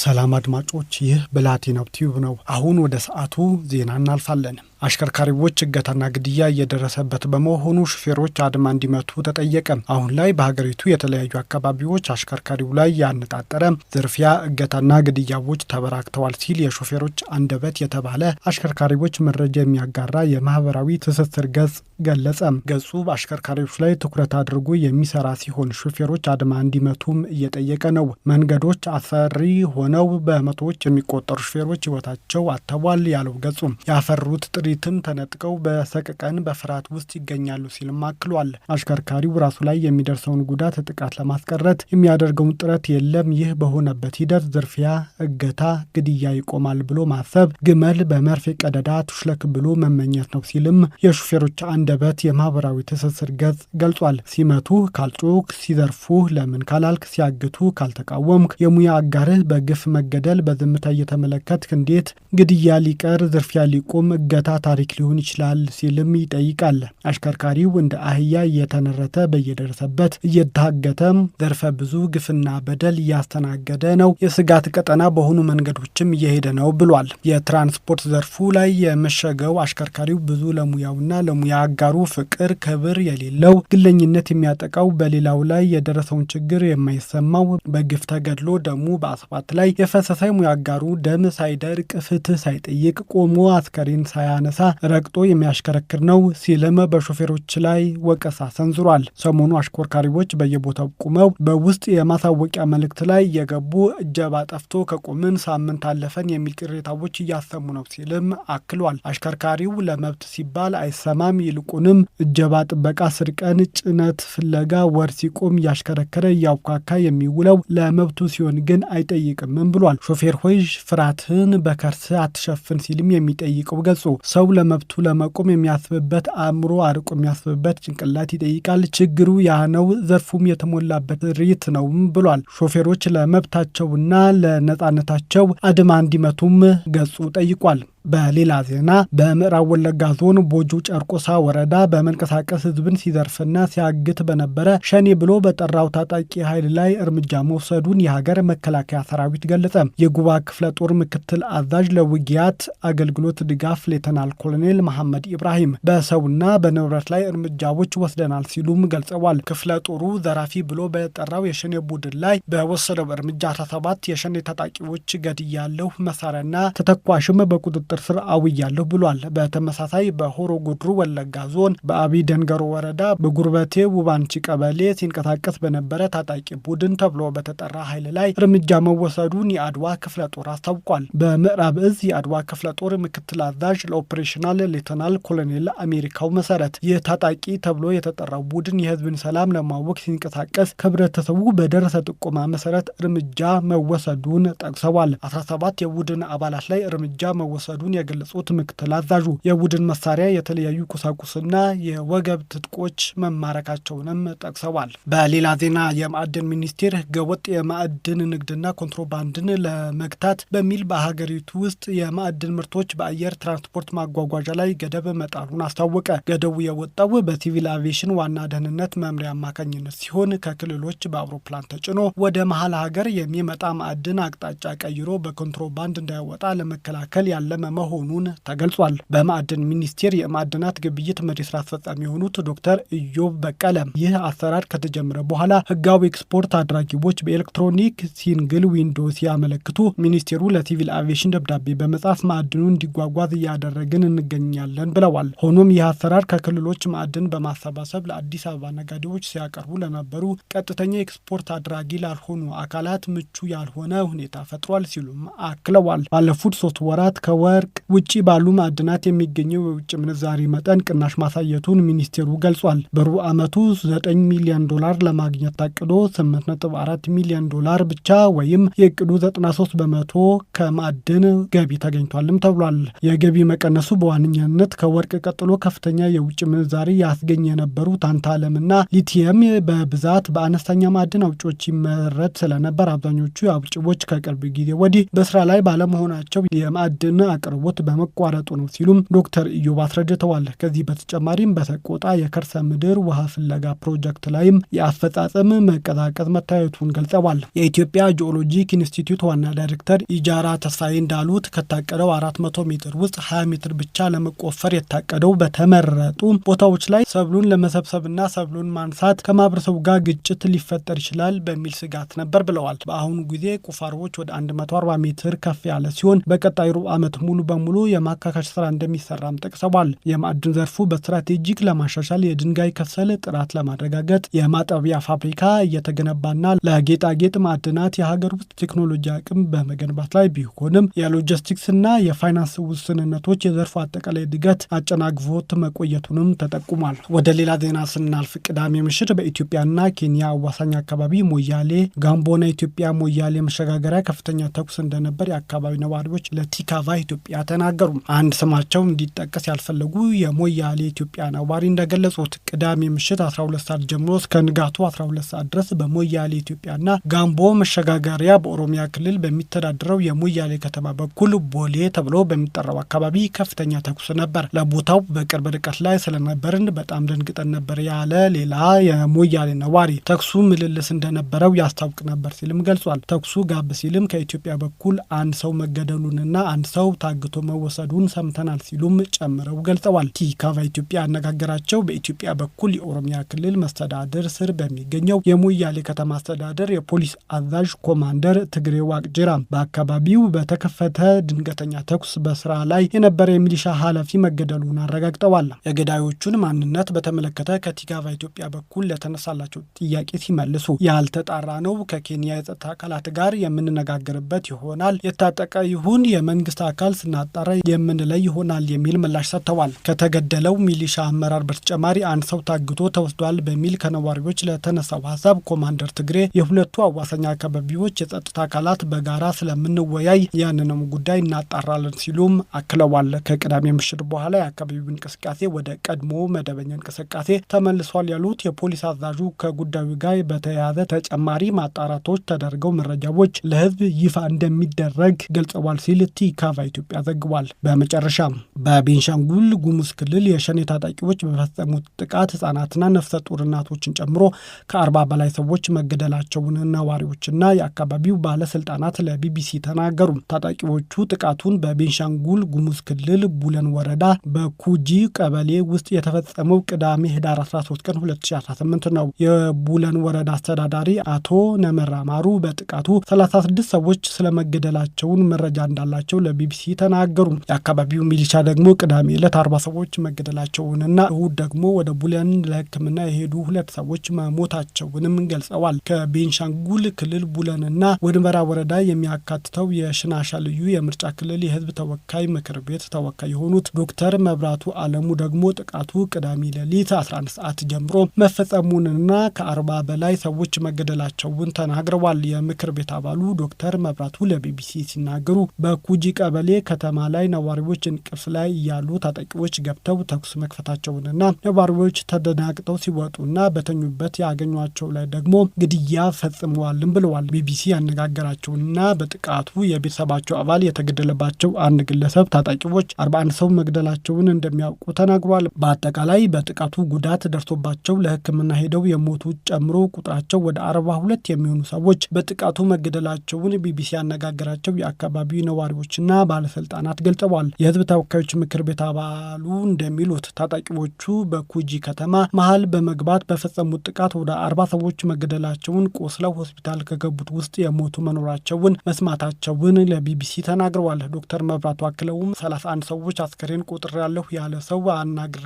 ሰላም አድማጮች፣ ይህ ብላቴናው ቲዩብ ነው። አሁን ወደ ሰዓቱ ዜና እናልፋለን። አሽከርካሪዎች እገታና ግድያ እየደረሰበት በመሆኑ ሹፌሮች አድማ እንዲመቱ ተጠየቀ። አሁን ላይ በሀገሪቱ የተለያዩ አካባቢዎች አሽከርካሪው ላይ ያነጣጠረ ዝርፊያ፣ እገታና ግድያዎች ተበራክተዋል ሲል የሾፌሮች አንደበት የተባለ አሽከርካሪዎች መረጃ የሚያጋራ የማህበራዊ ትስስር ገጽ ገለጸ። ገጹ በአሽከርካሪዎች ላይ ትኩረት አድርጎ የሚሰራ ሲሆን ሹፌሮች አድማ እንዲመቱም እየጠየቀ ነው። መንገዶች አፈሪ ሆነው በመቶዎች የሚቆጠሩ ሹፌሮች ህይወታቸው አጥተዋል ያለው ገጹ ያፈሩት ጥሪ መሬትም ተነጥቀው በሰቅቀን በፍርሃት ውስጥ ይገኛሉ ሲልም አክሏል። አሽከርካሪው ራሱ ላይ የሚደርሰውን ጉዳት ጥቃት ለማስቀረት የሚያደርገውን ጥረት የለም። ይህ በሆነበት ሂደት ዝርፊያ፣ እገታ፣ ግድያ ይቆማል ብሎ ማሰብ ግመል በመርፌ ቀደዳ ቱሽለክ ብሎ መመኘት ነው ሲልም የሹፌሮች አንደበት የማህበራዊ ትስስር ገጽ ገልጿል። ሲመቱ ካልጮክ፣ ሲዘርፉ ለምን ካላልክ፣ ሲያግቱ ካልተቃወምክ፣ የሙያ አጋርህ በግፍ መገደል በዝምታ እየተመለከትክ እንዴት ግድያ ሊቀር፣ ዝርፊያ ሊቆም፣ እገታ ታሪክ ሊሆን ይችላል ሲልም ይጠይቃል። አሽከርካሪው እንደ አህያ እየተነረተ በየደረሰበት እየታገተ ዘርፈ ብዙ ግፍና በደል እያስተናገደ ነው፣ የስጋት ቀጠና በሆኑ መንገዶችም እየሄደ ነው ብሏል። የትራንስፖርት ዘርፉ ላይ የመሸገው አሽከርካሪው ብዙ ለሙያውና ለሙያ አጋሩ ፍቅር፣ ክብር የሌለው ግለኝነት የሚያጠቃው በሌላው ላይ የደረሰውን ችግር የማይሰማው በግፍ ተገድሎ ደሙ በአስፋልት ላይ የፈሰሰ ሙያ አጋሩ ደም ሳይደርቅ ፍትህ ሳይጠይቅ ቆሞ አስከሬን ሳያነ ሲነሳ ረግጦ የሚያሽከረክር ነው ሲልም በሾፌሮች ላይ ወቀሳ ሰንዝሯል። ሰሞኑ አሽከርካሪዎች በየቦታው ቁመው በውስጥ የማሳወቂያ መልእክት ላይ የገቡ እጀባ ጠፍቶ ከቆምን ሳምንት አለፈን የሚል ቅሬታዎች እያሰሙ ነው ሲልም አክሏል። አሽከርካሪው ለመብት ሲባል አይሰማም፣ ይልቁንም እጀባ ጥበቃ ስርቀን ጭነት ፍለጋ ወር ሲቆም እያሽከረከረ እያውካካ የሚውለው ለመብቱ ሲሆን ግን አይጠይቅምም ብሏል። ሾፌር ሆይ ፍርሃትህን በከርስ አትሸፍን ሲልም የሚጠይቀው ገጹ ሰው ለመብቱ ለመቆም የሚያስብበት አእምሮ አርቆ የሚያስብበት ጭንቅላት ይጠይቃል። ችግሩ ያ ነው። ዘርፉም የተሞላበት ሪት ነው ብሏል። ሾፌሮች ለመብታቸውና ለነጻነታቸው አድማ እንዲመቱም ገጹ ጠይቋል። በሌላ ዜና በምዕራብ ወለጋ ዞን ቦጆ ጨርቆሳ ወረዳ በመንቀሳቀስ ህዝብን ሲዘርፍና ሲያግት በነበረ ሸኔ ብሎ በጠራው ታጣቂ ኃይል ላይ እርምጃ መውሰዱን የሀገር መከላከያ ሰራዊት ገለጸ። የጉባ ክፍለ ጦር ምክትል አዛዥ ለውጊያት አገልግሎት ድጋፍ ሌተናል ኮሎኔል መሐመድ ኢብራሂም በሰውና በንብረት ላይ እርምጃዎች ወስደናል ሲሉም ገልጸዋል። ክፍለ ጦሩ ዘራፊ ብሎ በጠራው የሸኔ ቡድን ላይ በወሰደው እርምጃ 17 የሸኔ ታጣቂዎች ገድያለሁ፣ መሳሪያና ተተኳሽም በቁጥጥር ቁጥጥር ስር አውያለሁ ብሏል። በተመሳሳይ በሆሮ ጉድሩ ወለጋ ዞን በአቢ ደንገሮ ወረዳ በጉርበቴ ውባንቺ ቀበሌ ሲንቀሳቀስ በነበረ ታጣቂ ቡድን ተብሎ በተጠራ ኃይል ላይ እርምጃ መወሰዱን የአድዋ ክፍለ ጦር አስታውቋል። በምዕራብ እዝ የአድዋ ክፍለ ጦር ምክትል አዛዥ ለኦፕሬሽናል ሌተናል ኮሎኔል አሜሪካው መሰረት ይህ ታጣቂ ተብሎ የተጠራው ቡድን የህዝብን ሰላም ለማወክ ሲንቀሳቀስ ከህብረተሰቡ በደረሰ ጥቆማ መሰረት እርምጃ መወሰዱን ጠቅሰዋል። 17 የቡድን አባላት ላይ እርምጃ መወሰዱ መውሰዱን የገለጹት ምክትል አዛዡ የቡድን መሳሪያ፣ የተለያዩ ቁሳቁስና የወገብ ትጥቆች መማረካቸውንም ጠቅሰዋል። በሌላ ዜና የማዕድን ሚኒስቴር ህገወጥ የማዕድን ንግድና ኮንትሮባንድን ለመግታት በሚል በሀገሪቱ ውስጥ የማዕድን ምርቶች በአየር ትራንስፖርት ማጓጓዣ ላይ ገደብ መጣሉን አስታወቀ። ገደቡ የወጣው በሲቪል አቪዬሽን ዋና ደህንነት መምሪያ አማካኝነት ሲሆን ከክልሎች በአውሮፕላን ተጭኖ ወደ መሀል ሀገር የሚመጣ ማዕድን አቅጣጫ ቀይሮ በኮንትሮባንድ እንዳይወጣ ለመከላከል ያለመ መሆኑን ተገልጿል። በማዕድን ሚኒስቴር የማዕድናት ግብይት መሪ ስራ አስፈጻሚ የሆኑት ዶክተር ኢዮብ በቀለ ይህ አሰራር ከተጀመረ በኋላ ህጋዊ ኤክስፖርት አድራጊዎች በኤሌክትሮኒክ ሲንግል ዊንዶ ሲያመለክቱ ሚኒስቴሩ ለሲቪል አቪዬሽን ደብዳቤ በመጻፍ ማዕድኑ እንዲጓጓዝ እያደረግን እንገኛለን ብለዋል። ሆኖም ይህ አሰራር ከክልሎች ማዕድን በማሰባሰብ ለአዲስ አበባ ነጋዴዎች ሲያቀርቡ ለነበሩ ቀጥተኛ ኤክስፖርት አድራጊ ላልሆኑ አካላት ምቹ ያልሆነ ሁኔታ ፈጥሯል ሲሉም አክለዋል። ባለፉት ሶስት ወራት ከወር ከወርቅ ውጪ ባሉ ማዕድናት የሚገኘው የውጭ ምንዛሪ መጠን ቅናሽ ማሳየቱን ሚኒስቴሩ ገልጿል። በሩብ ዓመቱ 9 ሚሊዮን ዶላር ለማግኘት ታቅዶ 8.4 ሚሊዮን ዶላር ብቻ ወይም የእቅዱ 93 በመቶ ከማዕድን ገቢ ተገኝቷልም ተብሏል። የገቢ መቀነሱ በዋነኛነት ከወርቅ ቀጥሎ ከፍተኛ የውጭ ምንዛሪ ያስገኝ የነበሩ ታንታለምና ሊቲየም በብዛት በአነስተኛ ማዕድን አውጪዎች ይመረት ስለነበር አብዛኞቹ አውጪዎች ከቅርብ ጊዜ ወዲህ በስራ ላይ ባለመሆናቸው የማዕድን አቅር አቅርቦት በመቋረጡ ነው ሲሉም ዶክተር ኢዮብ አስረድተዋል። ከዚህ በተጨማሪም በሰቆጣ የከርሰ ምድር ውሃ ፍለጋ ፕሮጀክት ላይም የአፈጻጸም መቀዛቀዝ መታየቱን ገልጸዋል። የኢትዮጵያ ጂኦሎጂክ ኢንስቲትዩት ዋና ዳይሬክተር ኢጃራ ተስፋዬ እንዳሉት ከታቀደው 400 ሜትር ውስጥ 20 ሜትር ብቻ ለመቆፈር የታቀደው በተመረጡ ቦታዎች ላይ ሰብሉን ለመሰብሰብና ሰብሉን ማንሳት ከማህበረሰቡ ጋር ግጭት ሊፈጠር ይችላል በሚል ስጋት ነበር ብለዋል። በአሁኑ ጊዜ ቁፋሮዎች ወደ 140 ሜትር ከፍ ያለ ሲሆን በቀጣይ ሩብ ዓመት ሙሉ በሙሉ የማካካሽ ስራ እንደሚሰራም ጠቅሰዋል። የማዕድን ዘርፉ በስትራቴጂክ ለማሻሻል የድንጋይ ከሰል ጥራት ለማረጋገጥ የማጠቢያ ፋብሪካ እየተገነባና ለጌጣጌጥ ማዕድናት የሀገር ውስጥ ቴክኖሎጂ አቅም በመገንባት ላይ ቢሆንም የሎጂስቲክስና የፋይናንስ ውስንነቶች የዘርፉ አጠቃላይ እድገት አጨናግፎት መቆየቱንም ተጠቁሟል። ወደ ሌላ ዜና ስናልፍ ቅዳሜ ምሽት በኢትዮጵያና ኬንያ አዋሳኝ አካባቢ ሞያሌ ጋምቦና ኢትዮጵያ ሞያሌ መሸጋገሪያ ከፍተኛ ተኩስ እንደነበር የአካባቢ ነዋሪዎች ለቲካቫ ኢትዮጵያ ኢትዮጵያ ተናገሩ። አንድ ስማቸው እንዲጠቀስ ያልፈለጉ የሞያሌ ኢትዮጵያ ነዋሪ እንደገለጹት ቅዳሜ ምሽት 12 ሰዓት ጀምሮ እስከ ንጋቱ 12 ሰዓት ድረስ በሞያሌ ኢትዮጵያና ጋምቦ መሸጋገሪያ በኦሮሚያ ክልል በሚተዳደረው የሞያሌ ከተማ በኩል ቦሌ ተብሎ በሚጠራው አካባቢ ከፍተኛ ተኩስ ነበር። ለቦታው በቅርብ ርቀት ላይ ስለነበርን በጣም ደንግጠን ነበር ያለ ሌላ የሞያሌ ነዋሪ ተኩሱ ምልልስ እንደነበረው ያስታውቅ ነበር ሲልም ገልጿል። ተኩሱ ጋብ ሲልም ከኢትዮጵያ በኩል አንድ ሰው መገደሉንና አንድ ሰው ታግቶ መወሰዱን ሰምተናል ሲሉም ጨምረው ገልጸዋል። ቲካቫ ኢትዮጵያ ያነጋገራቸው በኢትዮጵያ በኩል የኦሮሚያ ክልል መስተዳድር ስር በሚገኘው የሞያሌ ከተማ አስተዳደር የፖሊስ አዛዥ ኮማንደር ትግሬ ዋቅጅራ በአካባቢው በተከፈተ ድንገተኛ ተኩስ በስራ ላይ የነበረ የሚሊሻ ኃላፊ መገደሉን አረጋግጠዋል። የገዳዮቹን ማንነት በተመለከተ ከቲካቫ ኢትዮጵያ በኩል ለተነሳላቸው ጥያቄ ሲመልሱ ያልተጣራ ነው፣ ከኬንያ የጸጥታ አካላት ጋር የምንነጋገርበት ይሆናል። የታጠቀ ይሁን የመንግስት አካል ስናጣራ የምንለይ ይሆናል የሚል ምላሽ ሰጥተዋል። ከተገደለው ሚሊሻ አመራር በተጨማሪ አንድ ሰው ታግቶ ተወስዷል በሚል ከነዋሪዎች ለተነሳው ሀሳብ ኮማንደር ትግሬ የሁለቱ አዋሳኝ አካባቢዎች የጸጥታ አካላት በጋራ ስለምንወያይ ያንንም ጉዳይ እናጣራለን ሲሉም አክለዋል። ከቅዳሜ ምሽት በኋላ የአካባቢው እንቅስቃሴ ወደ ቀድሞ መደበኛ እንቅስቃሴ ተመልሷል ያሉት የፖሊስ አዛዡ ከጉዳዩ ጋር በተያያዘ ተጨማሪ ማጣራቶች ተደርገው መረጃዎች ለህዝብ ይፋ እንደሚደረግ ገልጸዋል ሲል ቲካቫ ኢትዮጵያ ኢትዮጵያ ዘግቧል። በመጨረሻም በቤንሻንጉል ጉሙዝ ክልል የሸኔ ታጣቂዎች በፈጸሙት ጥቃት ህጻናትና ነፍሰ ጡር እናቶችን ጨምሮ ከአርባ በላይ ሰዎች መገደላቸውን ነዋሪዎችና የአካባቢው ባለስልጣናት ለቢቢሲ ተናገሩ። ታጣቂዎቹ ጥቃቱን በቤንሻንጉል ጉሙዝ ክልል ቡለን ወረዳ በኩጂ ቀበሌ ውስጥ የተፈጸመው ቅዳሜ ህዳር 13 ቀን 2018 ነው። የቡለን ወረዳ አስተዳዳሪ አቶ ነመራ ማሩ በጥቃቱ 36 ሰዎች ስለመገደላቸውን መረጃ እንዳላቸው ለቢቢሲ ተናገሩ። የአካባቢው ሚሊሻ ደግሞ ቅዳሜ ዕለት አርባ ሰዎች መገደላቸውንና እሁድ ደግሞ ወደ ቡለን ለሕክምና የሄዱ ሁለት ሰዎች መሞታቸውንም ገልጸዋል። ከቤንሻንጉል ክልል ቡለንና ወንበራ ወረዳ የሚያካትተው የሽናሻ ልዩ የምርጫ ክልል የህዝብ ተወካይ ምክር ቤት ተወካይ የሆኑት ዶክተር መብራቱ አለሙ ደግሞ ጥቃቱ ቅዳሜ ሌሊት 11 ሰዓት ጀምሮ መፈጸሙንና ከአርባ በላይ ሰዎች መገደላቸውን ተናግረዋል። የምክር ቤት አባሉ ዶክተር መብራቱ ለቢቢሲ ሲናገሩ በኩጂ ቀበሌ ከተማ ላይ ነዋሪዎች እንቅልፍ ላይ ያሉ ታጣቂዎች ገብተው ተኩስ መክፈታቸውንና ነዋሪዎች ተደናግጠው ሲወጡና በተኙበት ያገኟቸው ላይ ደግሞ ግድያ ፈጽመዋልም ብለዋል። ቢቢሲ ያነጋገራቸውና በጥቃቱ የቤተሰባቸው አባል የተገደለባቸው አንድ ግለሰብ ታጣቂዎች 41 ሰው መግደላቸውን እንደሚያውቁ ተናግሯል። በአጠቃላይ በጥቃቱ ጉዳት ደርሶባቸው ለሕክምና ሄደው የሞቱ ጨምሮ ቁጥራቸው ወደ ሁለት የሚሆኑ ሰዎች በጥቃቱ መገደላቸውን ቢቢሲ ያነጋገራቸው የአካባቢው ነዋሪዎችና ባለስልጣ ባለስልጣናት ገልጸዋል። የህዝብ ተወካዮች ምክር ቤት አባሉ እንደሚሉት ታጣቂዎቹ በኩጂ ከተማ መሀል በመግባት በፈጸሙት ጥቃት ወደ አርባ ሰዎች መገደላቸውን ቆስለው ሆስፒታል ከገቡት ውስጥ የሞቱ መኖራቸውን መስማታቸውን ለቢቢሲ ተናግረዋል። ዶክተር መብራቱ አክለውም 31 ሰዎች አስከሬን ቁጥር ያለሁ ያለ ሰው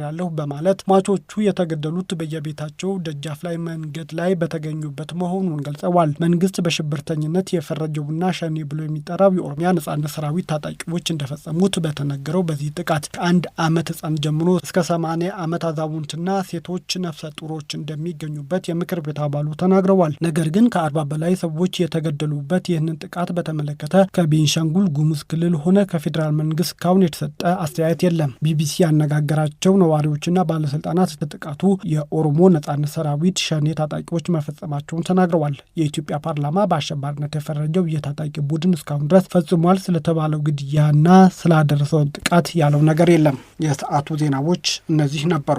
ያለሁ በማለት ሟቾቹ የተገደሉት በየቤታቸው ደጃፍ ላይ መንገድ ላይ በተገኙበት መሆኑን ገልጸዋል። መንግስት በሽብርተኝነት የፈረጀውና ሸኔ ብሎ የሚጠራው የኦሮሚያ ነጻነት ሰራዊት ታጣቂዎች ወንጀሎች እንደፈጸሙት በተነገረው በዚህ ጥቃት ከአንድ ዓመት ህጻን ጀምሮ እስከ ሰማንያ ዓመት አዛውንትና ሴቶች፣ ነፍሰ ጡሮች እንደሚገኙበት የምክር ቤት አባሉ ተናግረዋል። ነገር ግን ከአርባ በላይ ሰዎች የተገደሉበት ይህንን ጥቃት በተመለከተ ከቤንሻንጉል ጉሙዝ ክልል ሆነ ከፌዴራል መንግስት እስካሁን የተሰጠ አስተያየት የለም። ቢቢሲ ያነጋገራቸው ነዋሪዎችና ባለስልጣናት ጥቃቱ የኦሮሞ ነጻነት ሰራዊት ሸኔ ታጣቂዎች መፈጸማቸውን ተናግረዋል። የኢትዮጵያ ፓርላማ በአሸባሪነት የፈረጀው የታጣቂ ቡድን እስካሁን ድረስ ፈጽሟል ስለተባለው ግድያ ግድያና ስላደረሰው ጥቃት ያለው ነገር የለም። የሰዓቱ ዜናዎች እነዚህ ነበሩ።